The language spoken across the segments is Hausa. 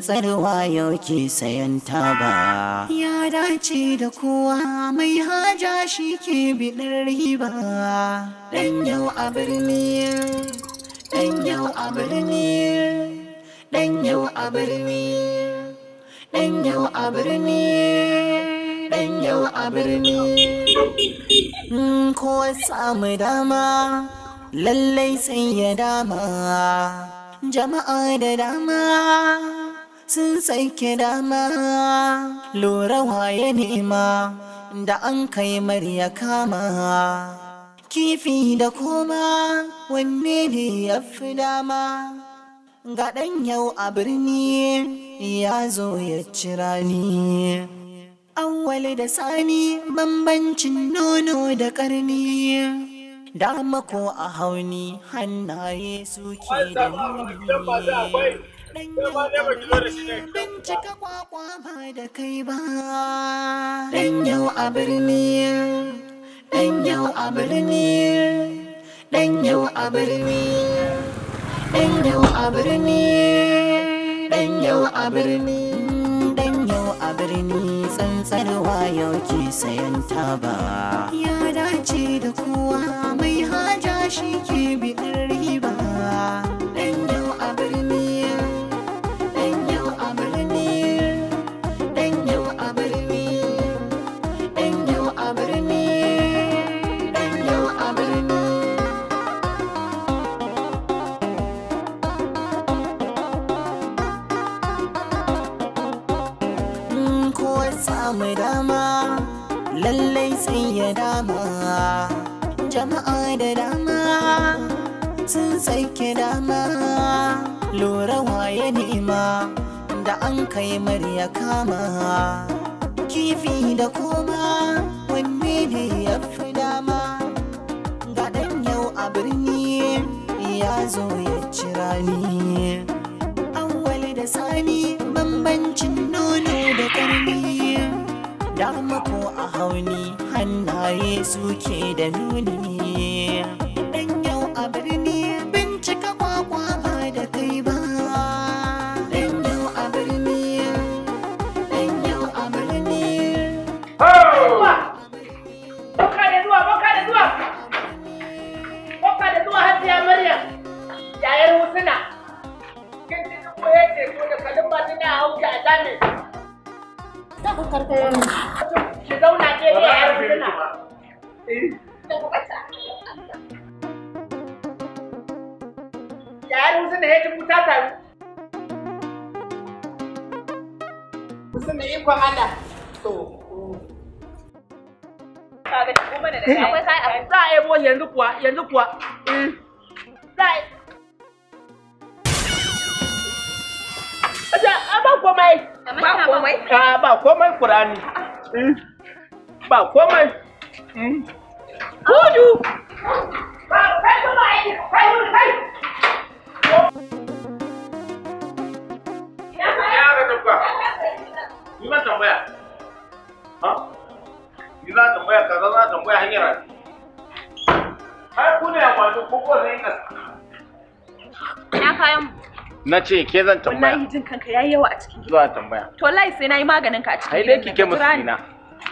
tsarwa yau ke sayan taba. Ya dace da kowa mai haja shi ke bidar riba. Ɗan yau a birni, ɗan yau a birni, ɗan yau a birni, ɗan yau a birni. ɗan yau a birni. Mm, ko samu dama, lallai sai ya dama. jama'a da dama sun sake dama lura waye nema da an kai marya kama kifi da koma wanne ne ya fi dama ga ɗan yau a birni ya zo ya cira ni awwal da sani bambancin nono da ƙarni Da mako a hauni hannaye suke da nuni bincika kwakwa ba da kai ba Ɗan yau a birni Ɗan yau a birni Ɗan yau a birni Ɗan yau a birni Ɗan yau a birni dan yau a birni tsantsarwa yau ke sayan taba ya dace da kowa shi ke biɗin riba ɗan yau a birni ɗan yau a birni ɗan yau a birni ɗan yau a birni ɗan yau a birni Kowa samu dama lallai sai ya dama jama'a da dama sun sake dama lura waye nema da an kai marya kama kifi da koma wanne ne ya fi dama gaɗan yau a birni ya zo ya cira ni dama ko a hauni hannaye suke da nuni dan yau a birni bincika kwakwa ba da kai ba dan yau a birni dan yau a birni boka da zuwa boka da zuwa boka da zuwa hajiya maryam yayar husna kin ji ko yake ko da kalin ba tana hauka a jami'a Takut kartu. Kita udah jadi ya, benar. Jangan baca. Yayin musu ne hejin muta taru. Musu ne ikon Allah. komai ba komai a ba komai qur'ani ba komai kudu ba kai kuma aiki kai kai ya ga tabba ni ma tambaya ha ni na tambaya kaza na tambaya hanyar ne har kuna ya wato ko ko zai ka na kayan mu na ce ke zan tambaya wallahi jin kanka yayi yawa a cikin zuwa tambaya to wallahi sai nayi maganin ka a cikin gidan ki ke kike musulmina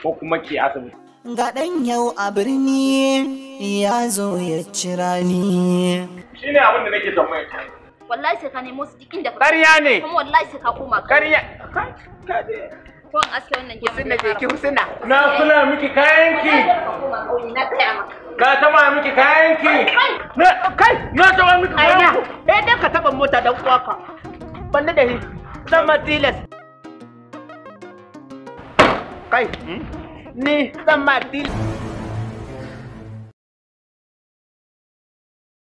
ko kuma ke asibiti ga dan yau a birni ya zo ya cira ni shine abin da nake tambaya ta wallahi sai ka nemo su duk da ka ne kuma wallahi sai ka koma ƙarya ka ka ko in aske wannan gyamar da fara. Husna Na kula miki kayanki. Na taba miki kayanki. Na kai na taba miki kayanki. Eh dai ka taba mota dan uwaka. Banda da sama tilas. Kai. Hmm? Ni sama tilas.